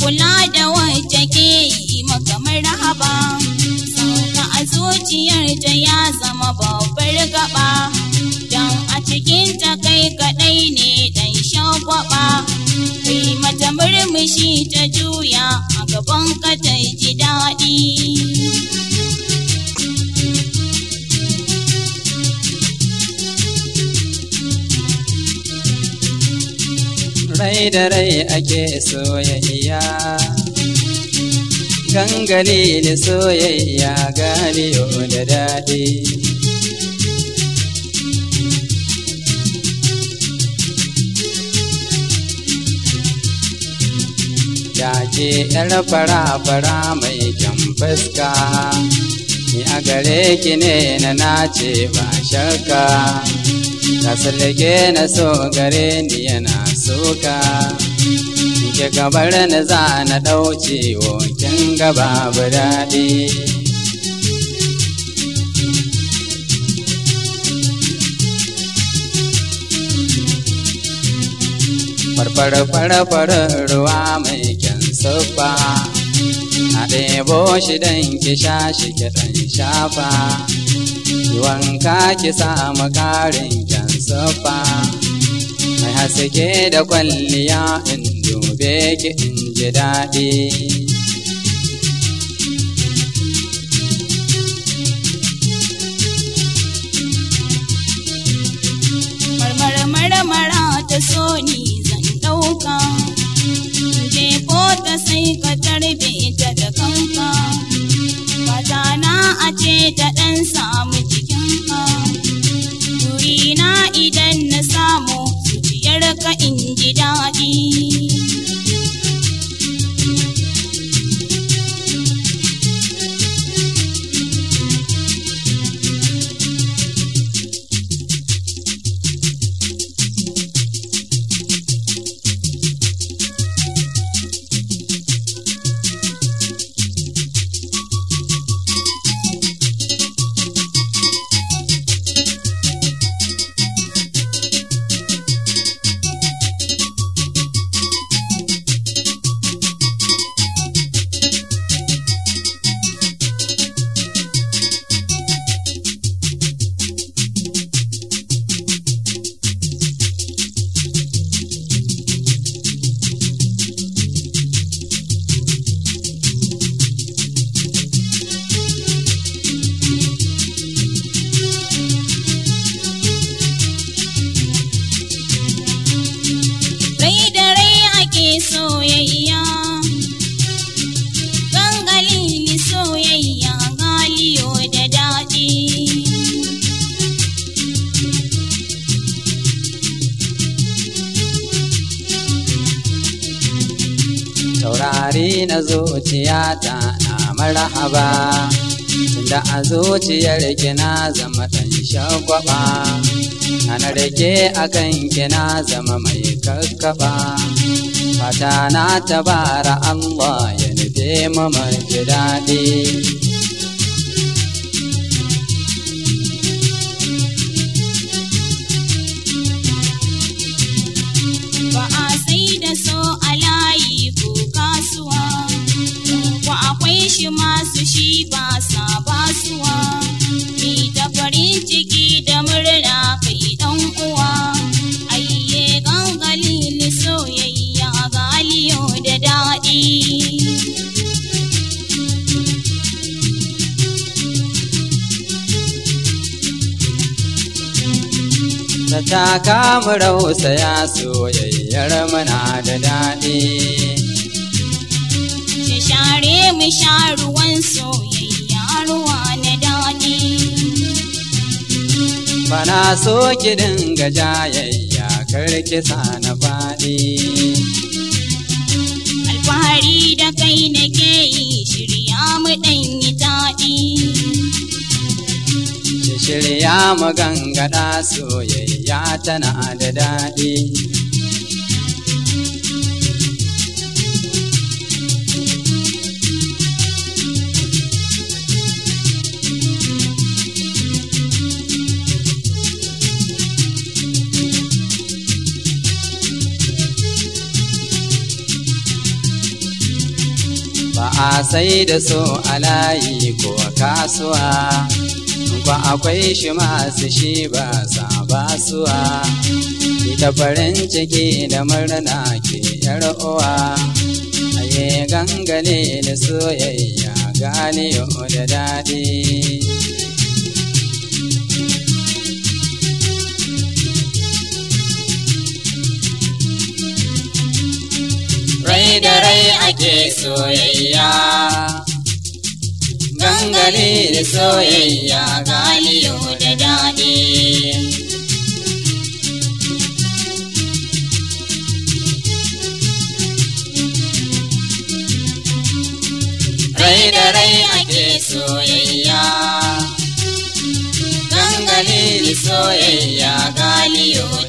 kula da wacce ke yi maka marhaba sauka a zuciyarta ya zama babbar gaba don a cikinta kai kaɗai ne dan shagwaba kai mata murmushi ta juya mai da rai ake soyayya gangali ne soyayya galiyo da daɗi ya ce ‘yar fara-fara mai kyan fuska ni a gare ki ne na nace ba shakka ta na so gare ni yana soka ke kabar na za na ɗauce kin gaba babu daɗi farfara farfara ruwa mai kyan sufa a ɗebo shi don ki sha shi ki shafa wanka ki samu karin kyan mai haske da kwalliya in dube ki in ji daɗi marmara ta so ni zan ɗauka jefo ta sai ka tarbe ta da kanka ba na a ce ta ɗansa taurari na zuciyata na marhaba tunda a zuciyar kina zama ɗan shagwaba na rage akan kina zama mai kakkaba fata na tabara Allah ya nufe mamar daɗi na ta kamu rausaya soyayyar muna da daɗi ki share mu sha ruwan soyayyar ruwa na daɗi bana so ki dinga jayayya kar sa na faɗi Shirya magangada soyayya tana da daɗi. Ba a sai da so a layi ko kasuwa. Ba akwai shi masu shi ba sa suwa ita farin ciki da murna ke yar uwa aye gangane da soyayya gane da daɗi rai da rai ake soyayya an gare da soyayya galiyo da daɗi. Rai da rai ake soyayya, dangane da soyayya galiyo